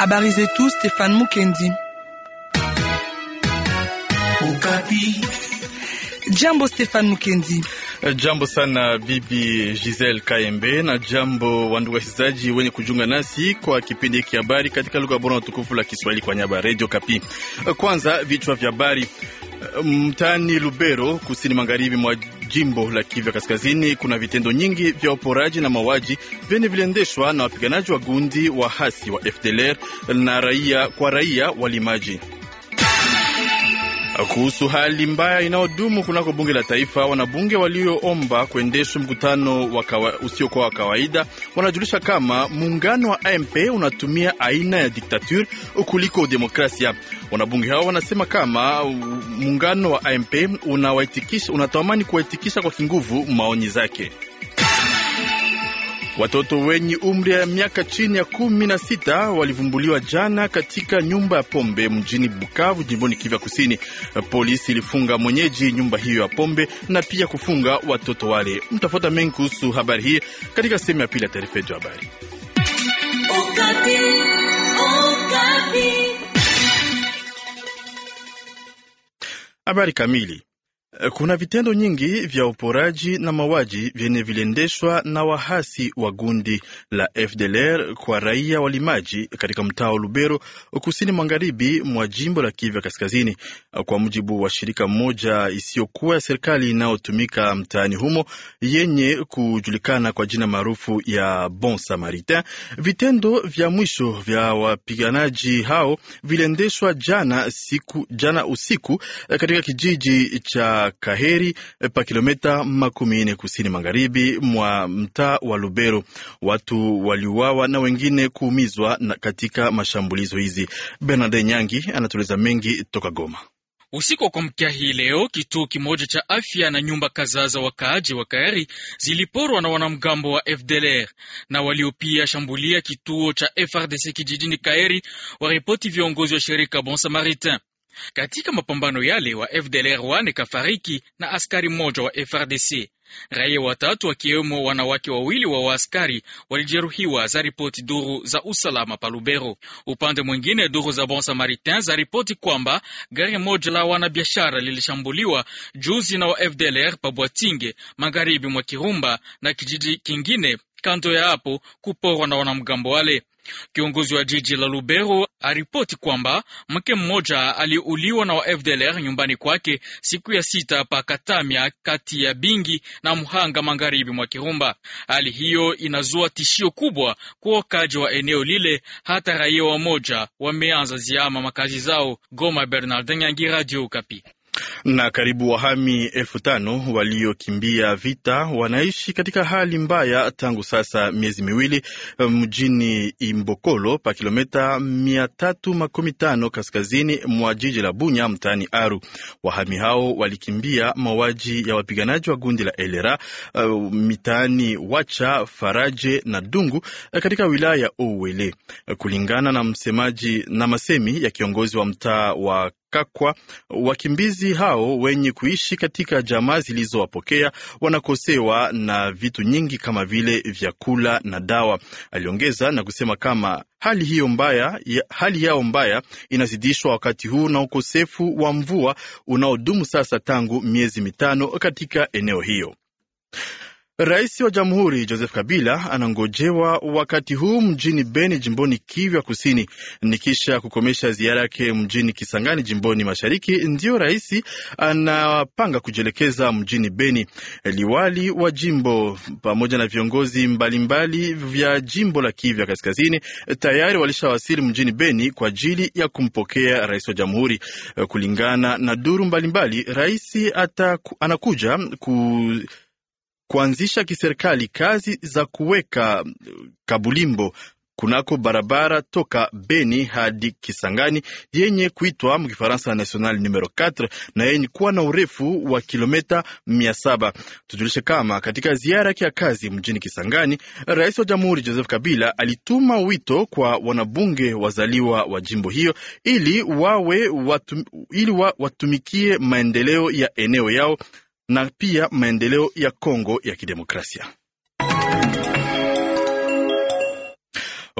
Habari zetu Stefan Mukendi. Okapi. Jambo Stefan Mukendi. Eh, jambo sana bibi Giselle Kaembe na jambo wandugu wasikilizaji wenye kujunga nasi kwa kipindi hiki habari katika lugha bora na tukufu la Kiswahili kwa nyaba Radio Kapi. Eh, kwanza vichwa vya habari. Eh, mtaani Lubero kusini magharibi mwa jimbo la Kivu Kaskazini kuna vitendo nyingi vya uporaji na mauaji vyenye viliendeshwa na wapiganaji wa gundi wa hasi wa FDLR na raia kwa raia walimaji kuhusu hali mbaya inayodumu kunako bunge la taifa, wanabunge walioomba kuendeshwa mkutano usio kwa wa kawaida wanajulisha kama muungano wa AMP unatumia aina ya diktature kuliko demokrasia. Wanabunge hao wanasema kama muungano wa AMP unatamani kuwaitikisha kwa kinguvu maoni zake. Watoto wenye umri ya miaka chini ya kumi na sita walivumbuliwa jana katika nyumba ya pombe mjini Bukavu, jimboni Kivu Kusini. Polisi ilifunga mwenyeji nyumba hiyo ya pombe na pia kufunga watoto wale. Mtafuta mengi kuhusu habari hii katika sehemu ya pili ya taarifa yetu ya habari. Habari kamili kuna vitendo nyingi vya uporaji na mauaji vyenye viliendeshwa na wahasi wa gundi la FDLR kwa raia walimaji katika mtaa wa Lubero, kusini magharibi mwa jimbo la Kivu Kaskazini, kwa mujibu wa shirika moja isiyokuwa ya serikali inayotumika mtaani humo yenye kujulikana kwa jina maarufu ya Bon Samaritain. Vitendo vya mwisho vya wapiganaji hao viliendeshwa jana, jana usiku katika kijiji cha Kaheri pa kilomita makumi ine kusini magharibi mwa mtaa wa Lubero. Watu waliuawa na wengine kuumizwa katika mashambulizo hizi. Bernard Nyangi anatueleza mengi toka Goma. Usiku wa kuamkia hii leo kituo kimoja cha afya na nyumba kadhaa za wakaaji wa Kayari ziliporwa na wanamgambo wa FDLR na waliopia shambulia kituo cha FRDC kijijini Kayari, waripoti viongozi wa shirika Bon Samaritain. Katika mapambano yale wa FDLR wane kafariki na askari mmoja wa FRDC. Raia watatu wakiwemo wanawake wawili wa waaskari walijeruhiwa, za ripoti duru za usalama pa Lubero. Upande mwingine, duru za Bon Samaritin za ripoti kwamba gari moja la wanabiashara lilishambuliwa juzi na wa FDLR pa Bwatinge, magharibi mwa Kirumba, na kijiji kingine kando ya hapo kuporwa na wanamgambo wale. Kiongozi wa jiji la Lubero aripoti kwamba mke mmoja aliuliwa na wa FDLR nyumbani kwake siku ya sita pa Katamya, kati ya Bingi na Mhanga, magharibi mwa Kirumba. Hali hiyo inazua tishio kubwa kwa wakaji wa eneo lile, hata raia moja wameanza ziama makazi zao. Goma, Bernardin Yangi, Radio Kapi na karibu wahami elfu tano waliokimbia vita wanaishi katika hali mbaya tangu sasa miezi miwili eh, mjini Imbokolo pa kilometa mia tatu makumi tano kaskazini mwa jiji la Bunya mtaani Aru. Wahami hao walikimbia mauaji ya wapiganaji wa gundi la Elera eh, mitaani Wacha, Faraje na Dungu eh, katika wilaya ya Owele, kulingana na msemaji na masemi ya kiongozi wa mtaa wa kwa wakimbizi hao wenye kuishi katika jamaa zilizowapokea wanakosewa na vitu nyingi kama vile vyakula na dawa. Aliongeza na kusema kama hali hiyo mbaya, hali yao mbaya inazidishwa wakati huu na ukosefu wa mvua unaodumu sasa tangu miezi mitano katika eneo hiyo. Rais wa Jamhuri Joseph Kabila anangojewa wakati huu mjini Beni jimboni Kivu ya Kusini. Ni kisha kukomesha ziara yake mjini Kisangani jimboni Mashariki, ndiyo rais anapanga kujielekeza mjini Beni. Liwali wa jimbo pamoja na viongozi mbalimbali vya jimbo la Kivu ya Kaskazini tayari walishawasili mjini Beni kwa ajili ya kumpokea rais wa Jamhuri. Kulingana na duru mbalimbali, rais anakuja ku kuanzisha kiserikali kazi za kuweka uh, kabulimbo kunako barabara toka Beni hadi Kisangani yenye kuitwa mkifaransa National numero 4 na yenye kuwa na urefu wa kilometa saba. Tujulishe kama katika ziara yake ya kazi mjini Kisangani, rais wa jamhuri Joseph Kabila alituma wito kwa wanabunge wazaliwa wa jimbo hiyo ili wawe watum, ili wa, watumikie maendeleo ya eneo yao na pia maendeleo ya Kongo ya Kidemokrasia.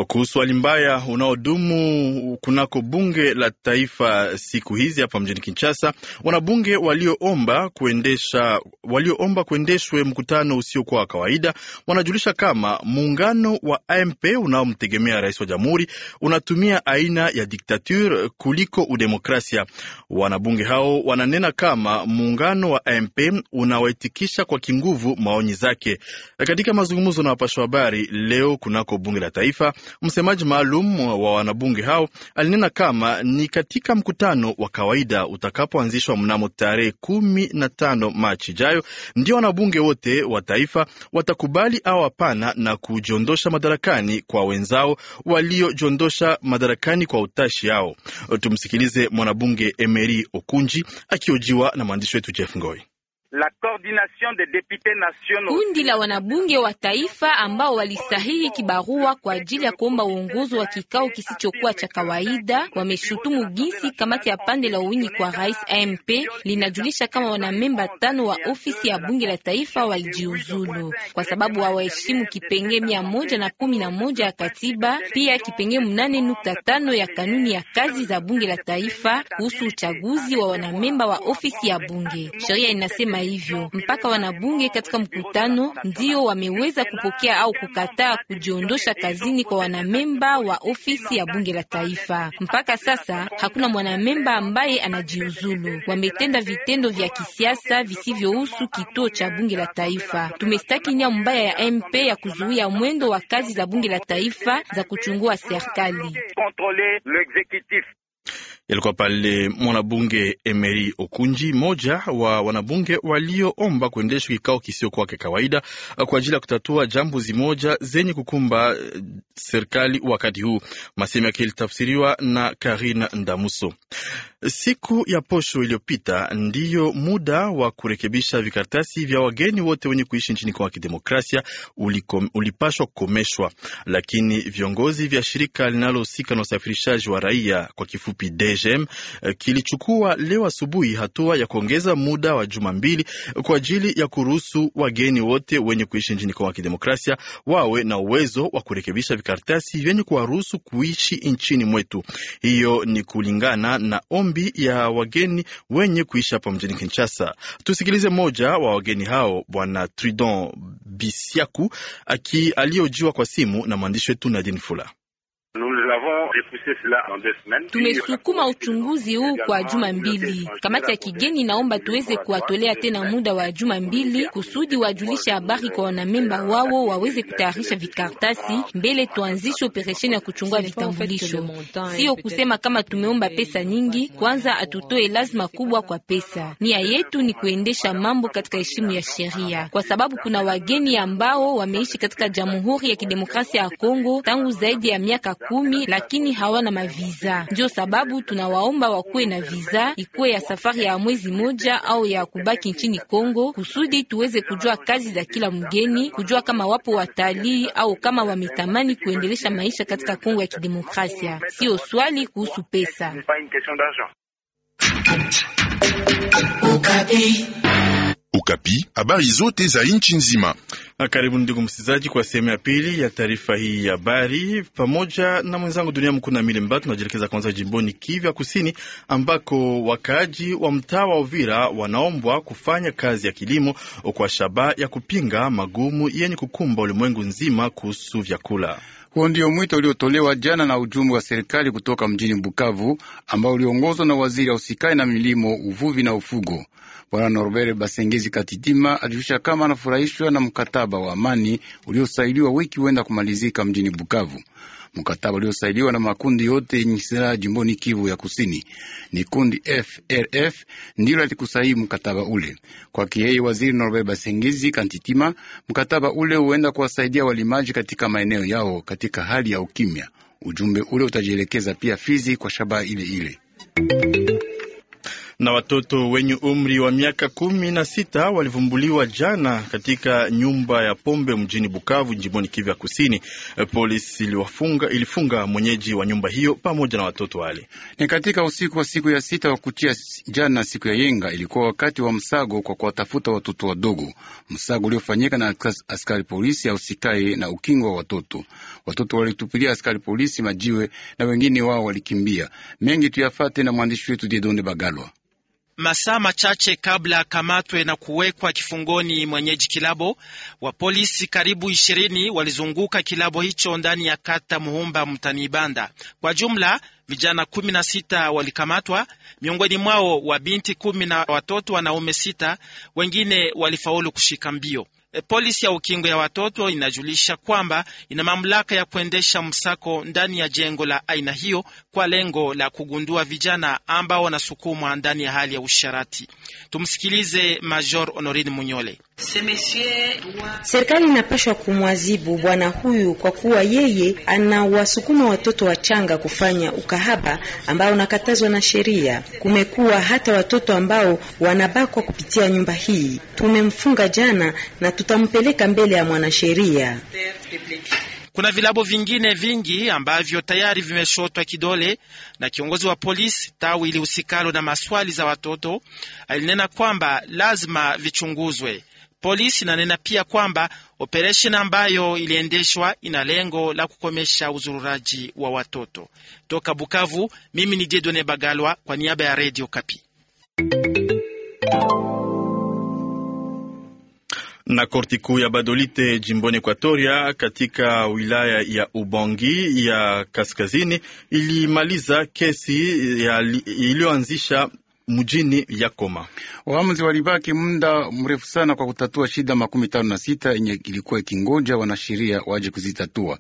kuhusu hali mbaya unaodumu kunako bunge la taifa siku hizi hapa mjini Kinshasa, wanabunge walioomba kuendesha walioomba kuendeshwe mkutano usiokuwa wa kawaida wanajulisha kama muungano wa AMP unaomtegemea rais wa jamhuri unatumia aina ya diktature kuliko udemokrasia. Wanabunge hao wananena kama muungano wa AMP unawaitikisha kwa kinguvu maoni zake. Katika mazungumzo na wapasha habari leo kunako bunge la taifa Msemaji maalum wa wanabunge hao alinena kama ni katika mkutano wa kawaida utakapoanzishwa mnamo tarehe kumi na tano Machi ijayo ndio wanabunge wote wa taifa watakubali au hapana na kujiondosha madarakani kwa wenzao waliojiondosha madarakani kwa utashi yao. Tumsikilize mwanabunge Emery Okunji akiojiwa na mwandishi wetu Jeff Ngoi la coordination des députés nationaux. Kundi la wanabunge wa taifa ambao walisahihi kibarua kwa ajili ya kuomba uongozi wa kikao kisichokuwa cha kawaida wameshutumu jinsi kamati ya pande la uwingi kwa rais AMP linajulisha kama wanamemba tano wa ofisi ya bunge la taifa walijiuzulu kwa sababu hawaheshimu kipengee mia moja na kumi na moja ya katiba, pia kipengee mnane nukta tano ya kanuni ya kazi za bunge la taifa kuhusu uchaguzi wa wanamemba wa ofisi ya bunge. Sheria inasema kama hivyo. Mpaka wanabunge katika mkutano ndio wameweza kupokea au kukataa kujiondosha kazini kwa wanamemba wa ofisi ya bunge la taifa. Mpaka sasa hakuna mwanamemba ambaye anajiuzulu. Wametenda vitendo vya kisiasa visivyohusu kituo cha bunge la taifa. Tumestaki nia mbaya ya MP ya kuzuia mwendo wa kazi za bunge la taifa za kuchungua serikali yalikuwa pale mwanabunge Emery Okunji, moja wa wanabunge walioomba kuendeshwa kikao kisio kwake kawaida kwa ajili ya kutatua jambo zimoja zenye kukumba eh, serikali wakati huu. masemi yake ilitafsiriwa na Karina Ndamuso. Siku ya posho iliyopita ndiyo muda wa kurekebisha vikaratasi vya wageni wote wenye kuishi nchini Kongo ya Kidemokrasia ulipashwa kukomeshwa, lakini viongozi vya shirika linalohusika na usafirishaji wa raia kwa kifupi DGM eh, kilichukua leo asubuhi hatua ya kuongeza muda wa juma mbili kwa ajili ya kuruhusu wageni wote wenye kuishi nchini Kongo ya Kidemokrasia wawe na uwezo wa kurekebisha vikaratasi vyenye kuwaruhusu kuishi nchini mwetu. Hiyo ni kulingana na kambi ya wageni wenye kuishi hapa mjini Kinshasa. Tusikilize mmoja wa wageni hao, Bwana Tridon Bisiaku aliyojiwa kwa simu na mwandishi wetu Nadine Fula. Tumesukuma uchunguzi huu kwa juma mbili. Kamati ya kigeni naomba tuweze kuwatolea tena muda wa juma mbili kusudi wajulishe habari kwa wanamemba wao waweze kutayarisha vikartasi mbele tuanzishe operesheni ya kuchungua vitambulisho. Sio kusema kama tumeomba pesa nyingi, kwanza atutoe lazima kubwa kwa pesa. Nia yetu ni kuendesha mambo katika heshima ya sheria, kwa sababu kuna wageni ambao wameishi katika Jamhuri ya Kidemokrasia ya Kongo tangu zaidi ya miaka kumi lakini lakini hawana maviza Ndio sababu tunawaomba wakuwe na visa, ikuwe ya safari ya mwezi moja au ya kubaki nchini Kongo, kusudi tuweze kujua kazi za kila mgeni, kujua kama wapo watalii au kama wametamani kuendelesha maisha katika Kongo ya kidemokrasia. Sio swali kuhusu pesa. Okapi, habari zote za nchi nzima. Na karibu ndugu msikilizaji, kwa sehemu ya pili ya taarifa hii ya habari pamoja na mwenzangu dunia mkuu na mile mbatu. Tunajielekeza kwanza jimboni Kivya Kusini, ambako wakaaji wa mtaa wa Uvira wanaombwa kufanya kazi ya kilimo kwa shabaha ya kupinga magumu yenye kukumba ulimwengu nzima kuhusu vyakula. Huo ndio mwito uliotolewa jana na ujumbe wa serikali kutoka mjini Bukavu, ambao uliongozwa na waziri ausikani na milimo, uvuvi na ufugo. Bwana Norbert Basengezi Katitima alijulisha kama anafurahishwa na mkataba wa amani uliosailiwa wiki huenda kumalizika mjini Bukavu. Mkataba uliosailiwa na makundi yote yenye silaha jimboni Kivu ya Kusini ni kundi FRF ndilo alikusaini mkataba ule. Kwake yeye, waziri Norbert Basengezi Kantitima, mkataba ule huenda kuwasaidia walimaji katika maeneo yao katika hali ya ukimya. Ujumbe ule utajielekeza pia Fizi kwa shabaha ile ile na watoto wenye umri wa miaka kumi na sita walivumbuliwa jana katika nyumba ya pombe mjini Bukavu, jimboni Kivu ya Kusini. Eh, polisi iliwafunga, ilifunga mwenyeji wa nyumba hiyo pamoja na watoto wale. Ni katika usiku wa siku ya sita wa kutia jana, siku ya yenga, ilikuwa wakati wa msago kwa kuwatafuta watoto wadogo, msago uliofanyika na askari polisi ausikae na ukingo wa watoto. Watoto walitupilia askari polisi majiwe na wengine wao walikimbia. Mengi tuyafate na mwandishi wetu Dieudonne Bagalwa. Masaa machache kabla akamatwe na kuwekwa kifungoni mwenyeji kilabo, wapolisi karibu ishirini walizunguka kilabo hicho ndani ya kata Muhumba Mtanibanda. Kwa jumla vijana kumi na sita walikamatwa, miongoni mwao wa binti kumi na watoto wanaume sita. Wengine walifaulu kushika mbio. E, polisi ya ukingo ya watoto inajulisha kwamba ina mamlaka ya kuendesha msako ndani ya jengo la aina hiyo kwa lengo la kugundua vijana ambao wanasukumwa ndani ya hali ya usharati. Tumsikilize Major Honorine Munyole. Serikali inapashwa kumwazibu bwana huyu kwa kuwa yeye anawasukuma watoto wachanga kufanya ukahaba ambao unakatazwa na sheria. Kumekuwa hata watoto ambao wanabakwa kupitia nyumba hii. Tumemfunga jana na tutampeleka mbele ya mwanasheria. Kuna vilabu vingine vingi ambavyo tayari vimeshotwa kidole na kiongozi wa polisi tawi usikalo na maswali za watoto alinena kwamba lazima vichunguzwe. Polisi inanena pia kwamba operesheni ambayo iliendeshwa ina lengo la kukomesha uzururaji wa watoto. Toka Bukavu, mimi ni Jedone Bagalwa kwa niaba ya Redio Kapi. na korti kuu ya Badolite jimboni Ekuatoria katika wilaya ya Ubangi ya kaskazini ilimaliza kesi iliyoanzisha mjini Yakoma. Waamuzi walibaki muda mrefu sana kwa kutatua shida makumi tano na sita yenye ilikuwa ikingoja wanasheria waje kuzitatua.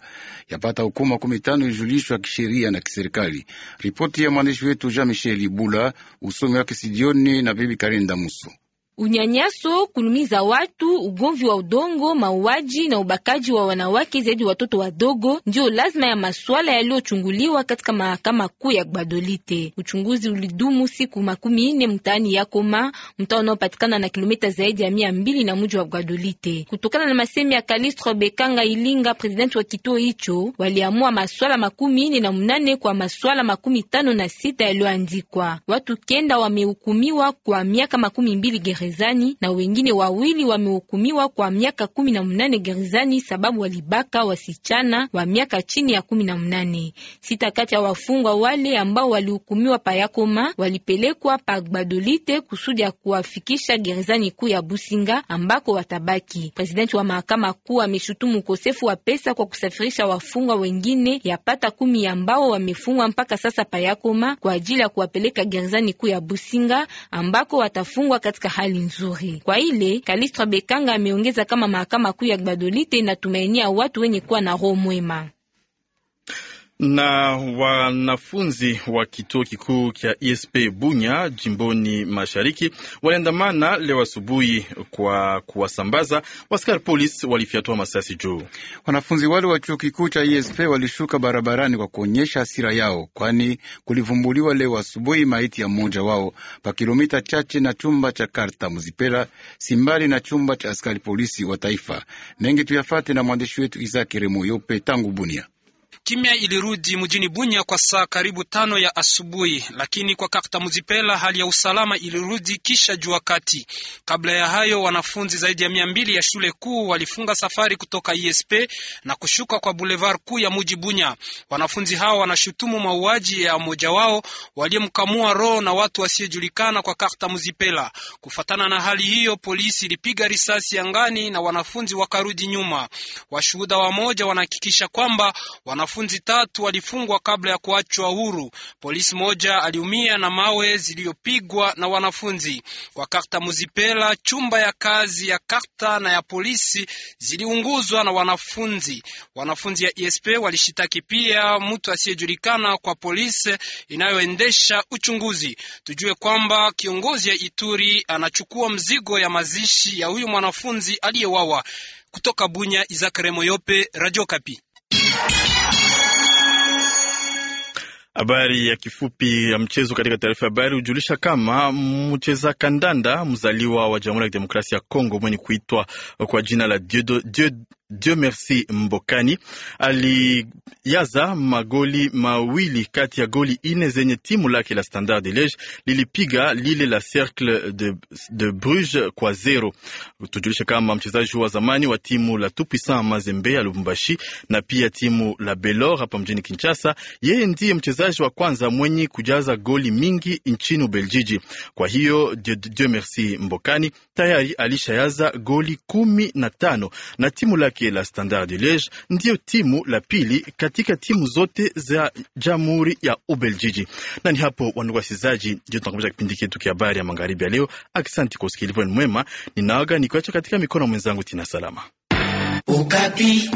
Yapata hukumu makumi tano ilijulishwa kisheria na kiserikali. Ripoti ya mwandishi wetu Jean Michel Bula, usomi wake Sidioni na bibi Karinda Muso unyanyaso, kulumiza watu, ugomvi wa udongo, mauaji na ubakaji wa wanawake zaidi watoto wadogo ndio lazima ya maswala yaliyochunguliwa katika mahakama kuu ya Gbadolite. Uchunguzi ulidumu siku makumi ine mtaani Yakoma, mtaa unaopatikana na kilomita zaidi ya mia mbili na mji wa Gbadolite. Kutokana na masemi ya Kalistro Bekanga Ilinga, presidenti wa kituo hicho, waliamua maswala makumi ine na mnane kwa maswala makumi tano na sita yaliyoandikwa. Watu kenda wamehukumiwa kwa miaka makumi mbili gere gerezani na wengine wawili wamehukumiwa kwa miaka kumi na mnane gerezani sababu walibaka wasichana wa miaka chini ya kumi na mnane. Sita kati ya wafungwa wale ambao walihukumiwa payakoma walipelekwa pa Gbadolite kusudi ya kuwafikisha gerezani kuu ya Businga ambako watabaki. Presidenti wa mahakama kuu ameshutumu ukosefu wa pesa kwa kusafirisha wafungwa wengine yapata kumi ambao wamefungwa mpaka sasa payakoma kwa ajili ya kuwapeleka gerezani kuu ya Businga ambako watafungwa katika hali hali nzuri. Kwa ile Kalistra Bekanga ameongeza kama mahakama kuu ya Gbadolite inatumainia watu wenye kuwa na roho mwema na wanafunzi wa kituo kikuu cha esp Bunya jimboni mashariki waliandamana leo asubuhi kwa kuwasambaza waskari polisi walifyatua masasi juu. Wanafunzi wale wa chuo kikuu cha esp walishuka barabarani kwa kuonyesha hasira yao, kwani kulivumbuliwa leo asubuhi maiti ya mmoja wao pa kilomita chache na chumba cha karta muzipela simbali na chumba cha askari polisi wa taifa. Mengi tuyafate na mwandishi wetu Isaki Remoyope tangu Bunya. Kimya ilirudi mjini Bunya kwa saa karibu tano ya asubuhi, lakini kwa kafta Muzipela hali ya usalama ilirudi kisha jua kati. Kabla ya hayo, wanafunzi zaidi ya mia mbili ya shule kuu walifunga safari kutoka ISP na kushuka kwa boulevard kuu ya mji Bunya. Wanafunzi hao wanashutumu mauaji ya mmoja wao waliyemkamua roho na watu wasiojulikana kwa kafta Muzipela. Kufatana na hali hiyo, polisi ilipiga risasi angani na wanafunzi wakarudi nyuma. Washuhuda wamoja wanahakikisha kwamba wanafunzi wanafunzi tatu walifungwa kabla ya kuachwa huru. Polisi moja aliumia na mawe ziliyopigwa na wanafunzi kwa karta Muzipela. Chumba ya kazi ya karta na ya polisi ziliunguzwa na wanafunzi. Wanafunzi ya ISP e walishitaki pia mtu asiyejulikana kwa polisi inayoendesha uchunguzi. Tujue kwamba kiongozi ya Ituri anachukua mzigo ya mazishi ya huyu mwanafunzi aliyewawa kutoka Bunya. Izakare Moyope, Radio Kapi. Habari ya kifupi ya mchezo katika taarifa ya habari hujulisha kama mcheza kandanda mzaliwa wa Jamhuri ya Kidemokrasia ya Kongo mwenye kuitwa kwa jina la Dieu merci Mbokani aliyaza magoli mawili kati ya goli ine zenye timu lake la Standard de Liege lilipiga lile la Cercle de, de Bruges kwa zero. Tujulishe kama mchezaji wa zamani wa timu la Tupisan Mazembe ya Lubumbashi na pia timu la Belor hapa mjini Kinshasa, yeye ndiye mchezaji wa kwanza mwenye kujaza goli mingi nchini Ubeljiji. Kwa hiyo Dieu merci Mbokani tayari alishayaza goli kumi na tano na timu la lake la Standard Liege ndiyo timu la pili katika timu zote za Jamhuri ya Ubeljiji. Na ni hapo wandugu wasikilizaji, ndio tunakamilisha kipindi chetu kia habari ya magharibi ya leo. Asante kwa usikilivu mwema, ninaaga nikiacha katika mikono mwenzangu Tina Salama Ukapi.